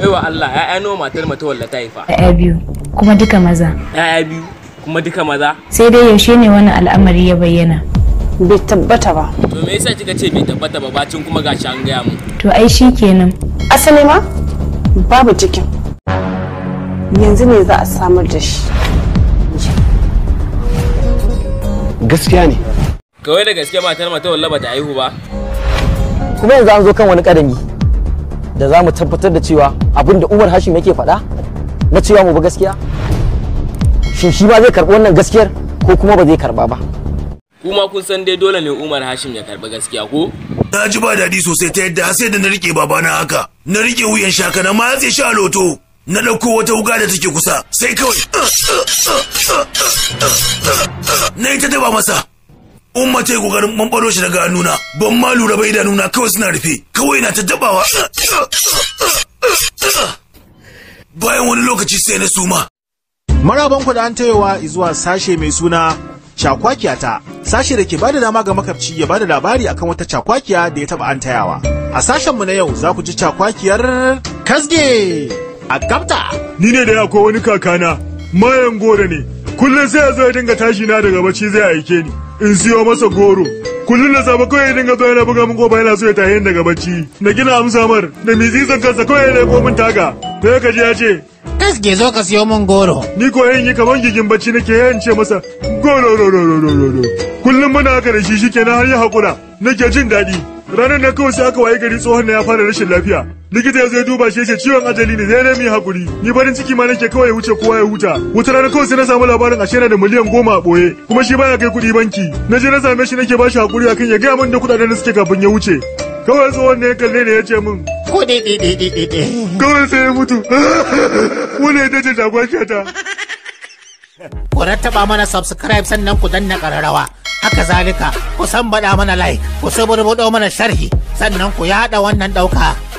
baiwa Allah ya'ya nawa matar matawalla ta haifa ya'ya biyu kuma duka maza ya'ya biyu kuma duka maza sai dai yaushe ne wani al'amari ya bayyana bai tabbata ba to me yasa kika ce bai tabbata ba bacin kuma gashi an gaya mu to ai kenan. asali ma babu cikin yanzu ne za a samar da shi gaskiya ne kawai da gaske matar matawalla ba ta haihu ba kuma yanzu an zo kan wani kadami da za mu tabbatar da cewa abin da umar hashim yake faɗa na cewa mu ba gaskiya shin shi ba zai karɓi wannan gaskiyar ko kuma ba zai karɓa ba kuma kun san dai dole ne umar hashim ya karɓi gaskiya ko na ji ba daɗi sosai ta yadda sai da na rike babana haka na rike wuyan shaka na ma ya sha loto na ɗauko wata wuga da take kusa sai kawai na yi ta ba masa umma ta yi kokarin ɓanɓaro shi daga hannuna ban ma lura ba idanuna kawai suna rufe kawai na ta dabawa bayan wani lokaci sai na suma maraban ku da an tayowa zuwa sashe mai suna cakwakiya ta sashe da ke bada dama ga makabci ya bada labari akan wata cakwakiya da ya taba an tayawa a sashen mu na yau za ku ji cakwakiyar kasge a gabta ni ne da akwai wani kakana mayan gore ne kullum sai ya zo ya dinga tashi na daga bacci zai aike ni in siyo masa goro kullum da safe kawai dinga zuwa yana buga min ko yana so ya tahe daga bacci na gina amsa mar da mizizan kansa kawai yana komin taga sai ka ji ya ce gaske zo ka siyo min goro ni ko yin yi kaman gigin bacci nake yan ce masa goro ro ro ro kullum muna haka da shi na har ya hakura nake jin daɗi ranar na kawai sai aka waye gari tsohon na ya fara rashin lafiya likita ya zo ya duba shi yace ciwon ajali ne sai dai mu hakuri ni barin ciki ma nake kawai ya wuce kowa ya huta wata rana kawai sai na samu labarin ashe yana da miliyan goma a boye kuma shi baya kai kuɗi banki na je na same shi nake bashi hakuri akan ya gaya min da kuɗaɗen da suke kafin ya wuce kawai tsohon wanda ya kalle ne ya ce min ko kawai sai ya mutu wani ya dace ta. ku rattaba mana subscribe sannan ku danna ƙararrawa haka zalika ku san baɗa mana like ku saburbuɗo mana sharhi sannan ku yaɗa wannan ɗauka